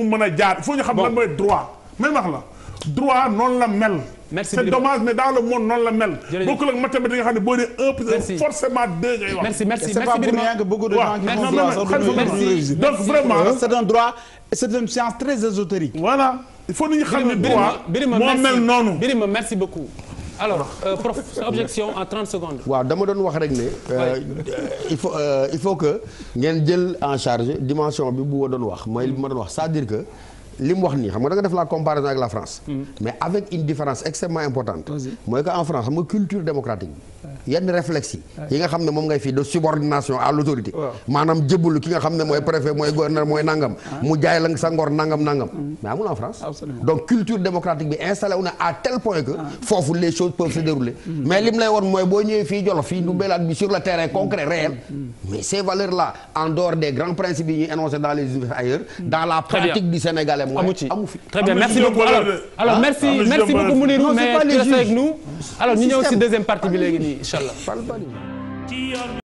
mu mën a jaar il faut ñu xam mooy droit may wax la droit noonu la mel. merci c'est dommage mais dans le monde la mel. bokkul ak mathématique nga xam ne boo dee un plus forcément deux ngay wax. merci merci c'est pas pour rien droit donc vraiment euh, c'est mel noonu. Birima alors euh, prof sa objection en 30 secondes. waaw dama doon wax rek ne. Euh, il faut euh, faut que ngeen jël en charge dimension bi bu ma doon wax mooy li ma doon wax c'est-à-dire que. li mu wax nii xam nga da def la comparaison avec la France. Mm. mais avec une différence extrêmement importante. mooy que en France xam nga culture démocratique bi. yenn réflexe yi yi nga xam ne moom ngay fii de subordination à l'autorité maanaam jëbbalu ki nga xam ne mooy préfet mooy gouverneur mooy nangam mu jaay sa ngor nangam nangam mm. mais amul en France donc culture démocratique bi installé wu na à tel point que foofu les choses peuvent mm. Mm. mais lim lay woon mooy boo ñëwee fii Jolof fii Ndoumbélaat bi sur le terrain concret réel mais ces valeurs là en dehors des grands principes yi ñuy énoncé dans les ah, universités alors ñu ñëw si deuxième partie bi léegi nii incha allah